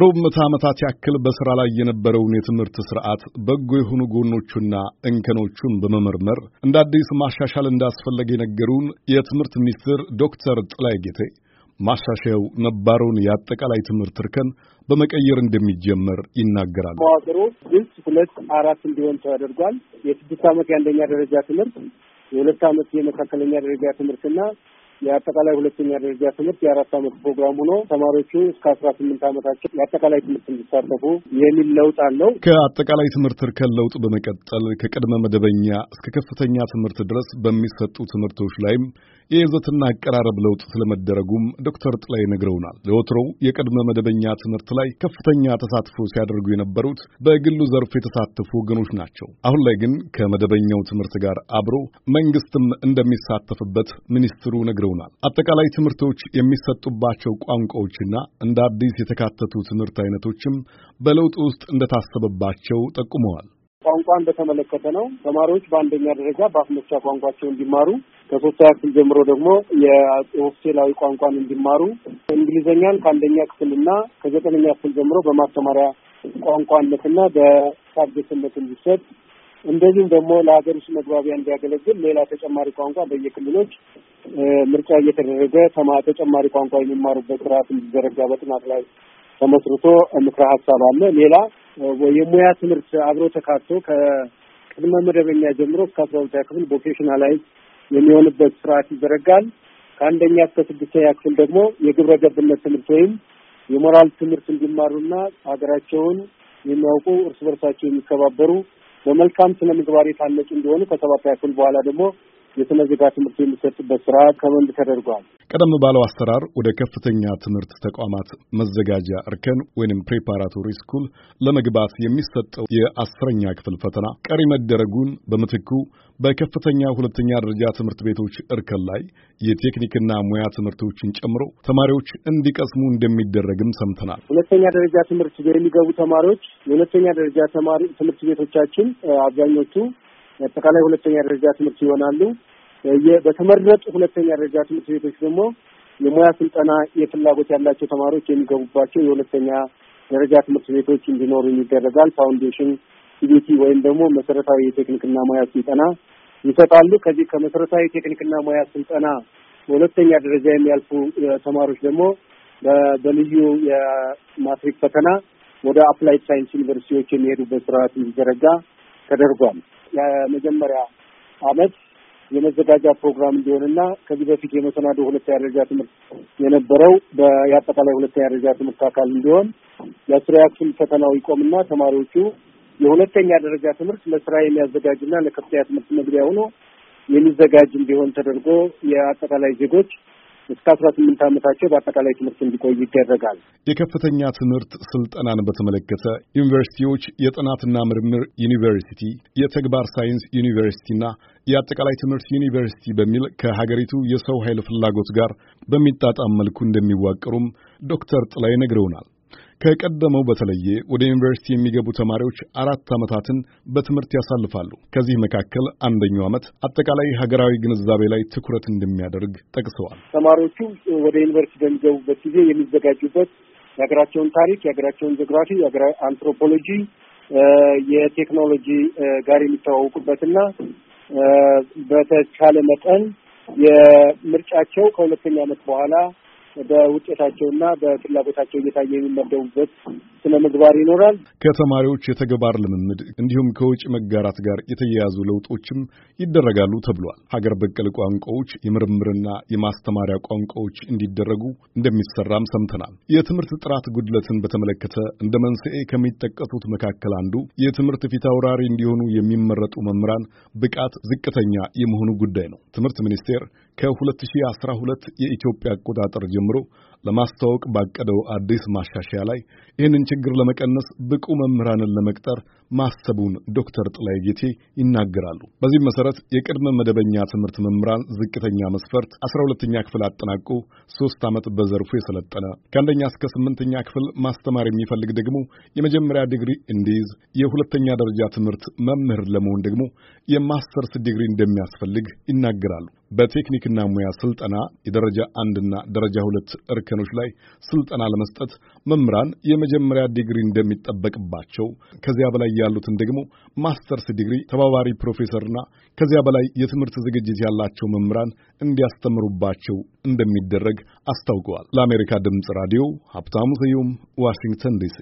ሮብ ምዕተ ዓመታት ያክል በሥራ ላይ የነበረውን የትምህርት ሥርዓት በጎ የሆኑ ጎኖቹና እንከኖቹን በመመርመር እንደ አዲስ ማሻሻል እንዳስፈለገ የነገሩን የትምህርት ሚኒስትር ዶክተር ጥላይ ጌቴ ማሻሻያው ነባረውን የአጠቃላይ ትምህርት እርከን በመቀየር እንደሚጀመር ይናገራል። መዋቅሩ ግልጽ ሁለት አራት እንዲሆን ተደርጓል። የስድስት ዓመት የአንደኛ ደረጃ ትምህርት፣ የሁለት ዓመት የመካከለኛ ደረጃ ትምህርትና የአጠቃላይ ሁለተኛ ደረጃ ትምህርት የአራት አመት ፕሮግራም ሆኖ ተማሪዎቹ እስከ አስራ ስምንት አመታቸው የአጠቃላይ ትምህርት እንዲሳተፉ የሚል ለውጥ አለው። ከአጠቃላይ ትምህርት እርከን ለውጥ በመቀጠል ከቅድመ መደበኛ እስከ ከፍተኛ ትምህርት ድረስ በሚሰጡ ትምህርቶች ላይም የይዘትና አቀራረብ ለውጥ ስለመደረጉም ዶክተር ጥላይ ነግረውናል። ለወትሮው የቅድመ መደበኛ ትምህርት ላይ ከፍተኛ ተሳትፎ ሲያደርጉ የነበሩት በግሉ ዘርፍ የተሳተፉ ወገኖች ናቸው። አሁን ላይ ግን ከመደበኛው ትምህርት ጋር አብሮ መንግስትም እንደሚሳተፍበት ሚኒስትሩ ነግረው ብለውናል። አጠቃላይ ትምህርቶች የሚሰጡባቸው ቋንቋዎችና እንደ አዲስ የተካተቱ ትምህርት አይነቶችም በለውጥ ውስጥ እንደታሰበባቸው ጠቁመዋል። ቋንቋን በተመለከተ ነው። ተማሪዎች በአንደኛ ደረጃ በአፍ መፍቻ ቋንቋቸው እንዲማሩ፣ ከሶስተኛ ክፍል ጀምሮ ደግሞ የኦፊሴላዊ ቋንቋን እንዲማሩ፣ እንግሊዝኛን ከአንደኛ ክፍልና ከዘጠነኛ ክፍል ጀምሮ በማስተማሪያ ቋንቋነትና በሳብጀትነት እንዲሰጥ እንደዚሁም ደግሞ ለሀገር ውስጥ መግባቢያ እንዲያገለግል ሌላ ተጨማሪ ቋንቋ በየክልሎች ምርጫ እየተደረገ ተጨማሪ ቋንቋ የሚማሩበት ስርዓት እንዲዘረጋ በጥናት ላይ ተመስርቶ ምክረ ሀሳብ አለ። ሌላ የሙያ ትምህርት አብሮ ተካቶ ከቅድመ መደበኛ ጀምሮ እስከ አስራ ሁለተኛ ክፍል ቮኬሽናላይዝ የሚሆንበት ስርዓት ይዘረጋል። ከአንደኛ እስከ ስድስተኛ ክፍል ደግሞ የግብረ ገብነት ትምህርት ወይም የሞራል ትምህርት እንዲማሩና ሀገራቸውን የሚያውቁ እርስ በርሳቸው የሚከባበሩ በመልካም ስነ ምግባር የታነጹ እንደሆኑ ከሰባት ያክል በኋላ ደግሞ የስነ ዜጋ ትምህርት የሚሰጥበት ስራ ከመንድ ተደርጓል። ቀደም ባለው አሰራር ወደ ከፍተኛ ትምህርት ተቋማት መዘጋጃ እርከን ወይም ፕሬፓራቶሪ ስኩል ለመግባት የሚሰጠው የአስረኛ ክፍል ፈተና ቀሪ መደረጉን በምትኩ በከፍተኛ ሁለተኛ ደረጃ ትምህርት ቤቶች እርከን ላይ የቴክኒክና ሙያ ትምህርቶችን ጨምሮ ተማሪዎች እንዲቀስሙ እንደሚደረግም ሰምተናል። ሁለተኛ ደረጃ ትምህርት የሚገቡ ተማሪዎች የሁለተኛ ደረጃ ተማሪ ትምህርት ቤቶቻችን አብዛኞቹ አጠቃላይ ሁለተኛ ደረጃ ትምህርት ይሆናሉ። በተመረጡ ሁለተኛ ደረጃ ትምህርት ቤቶች ደግሞ የሙያ ስልጠና የፍላጎት ያላቸው ተማሪዎች የሚገቡባቸው የሁለተኛ ደረጃ ትምህርት ቤቶች እንዲኖሩ ይደረጋል። ፋውንዴሽን ሲቢቲ ወይም ደግሞ መሰረታዊ የቴክኒክና ሙያ ስልጠና ይሰጣሉ። ከዚህ ከመሰረታዊ ቴክኒክና ሙያ ስልጠና በሁለተኛ ደረጃ የሚያልፉ ተማሪዎች ደግሞ በልዩ የማትሪክ ፈተና ወደ አፕላይድ ሳይንስ ዩኒቨርሲቲዎች የሚሄዱበት ስርዓት እንዲዘረጋ ተደርጓል። የመጀመሪያ አመት የመዘጋጃ ፕሮግራም እንዲሆንና ከዚህ በፊት የመሰናዶ ሁለተኛ ደረጃ ትምህርት የነበረው የአጠቃላይ ሁለተኛ ደረጃ ትምህርት አካል እንዲሆን የአስራ ክፍል ፈተናው ይቆምና ተማሪዎቹ የሁለተኛ ደረጃ ትምህርት ለስራ የሚያዘጋጅና ለከፍተኛ ትምህርት መግቢያ ሆኖ የሚዘጋጅ እንዲሆን ተደርጎ የአጠቃላይ ዜጎች እስከ አስራ ስምንት ዓመታቸው በአጠቃላይ ትምህርት እንዲቆይ ይደረጋል። የከፍተኛ ትምህርት ስልጠናን በተመለከተ ዩኒቨርሲቲዎች የጥናትና ምርምር ዩኒቨርሲቲ፣ የተግባር ሳይንስ ዩኒቨርሲቲና የአጠቃላይ ትምህርት ዩኒቨርሲቲ በሚል ከሀገሪቱ የሰው ኃይል ፍላጎት ጋር በሚጣጣም መልኩ እንደሚዋቀሩም ዶክተር ጥላይ ነግረውናል። ከቀደመው በተለየ ወደ ዩኒቨርሲቲ የሚገቡ ተማሪዎች አራት ዓመታትን በትምህርት ያሳልፋሉ። ከዚህ መካከል አንደኛው ዓመት አጠቃላይ ሀገራዊ ግንዛቤ ላይ ትኩረት እንደሚያደርግ ጠቅሰዋል። ተማሪዎቹ ወደ ዩኒቨርሲቲ በሚገቡበት ጊዜ የሚዘጋጁበት የሀገራቸውን ታሪክ፣ የሀገራቸውን ጂኦግራፊ፣ አንትሮፖሎጂ፣ የቴክኖሎጂ ጋር የሚተዋወቁበትና በተቻለ መጠን የምርጫቸው ከሁለተኛ ዓመት በኋላ በውጤታቸውና በፍላጎታቸው እየታየ የሚመደቡበት ስነ ምግባር ይኖራል። ከተማሪዎች የተግባር ልምምድ እንዲሁም ከውጭ መጋራት ጋር የተያያዙ ለውጦችም ይደረጋሉ ተብሏል። ሀገር በቀል ቋንቋዎች የምርምርና የማስተማሪያ ቋንቋዎች እንዲደረጉ እንደሚሰራም ሰምተናል። የትምህርት ጥራት ጉድለትን በተመለከተ እንደ መንስኤ ከሚጠቀሱት መካከል አንዱ የትምህርት ፊት አውራሪ እንዲሆኑ የሚመረጡ መምህራን ብቃት ዝቅተኛ የመሆኑ ጉዳይ ነው። ትምህርት ሚኒስቴር ከ2012 የኢትዮጵያ አቆጣጠር ጀምሮ ለማስተዋወቅ ባቀደው አዲስ ማሻሻያ ላይ ይህንን ችግር ለመቀነስ ብቁ መምህራንን ለመቅጠር ማሰቡን ዶክተር ጥላይ ጌቴ ይናገራሉ። በዚህም መሰረት የቅድመ መደበኛ ትምህርት መምህራን ዝቅተኛ መስፈርት 12ኛ ክፍል አጠናቆ ሶስት ዓመት በዘርፉ የሰለጠነ ከአንደኛ እስከ ስምንተኛ ክፍል ማስተማር የሚፈልግ ደግሞ የመጀመሪያ ዲግሪ እንዲይዝ፣ የሁለተኛ ደረጃ ትምህርት መምህር ለመሆን ደግሞ የማስተርስ ዲግሪ እንደሚያስፈልግ ይናገራሉ። በቴክኒክና ሙያ ስልጠና የደረጃ አንድና ደረጃ ሁለት እርከኖች ላይ ስልጠና ለመስጠት መምህራን የመጀመሪያ ዲግሪ እንደሚጠበቅባቸው ከዚያ በላይ ያሉትን ደግሞ ማስተርስ ዲግሪ ተባባሪ ፕሮፌሰርና ከዚያ በላይ የትምህርት ዝግጅት ያላቸው መምህራን እንዲያስተምሩባቸው እንደሚደረግ አስታውቀዋል። ለአሜሪካ ድምፅ ራዲዮ ሀብታሙ ስዩም ዋሽንግተን ዲሲ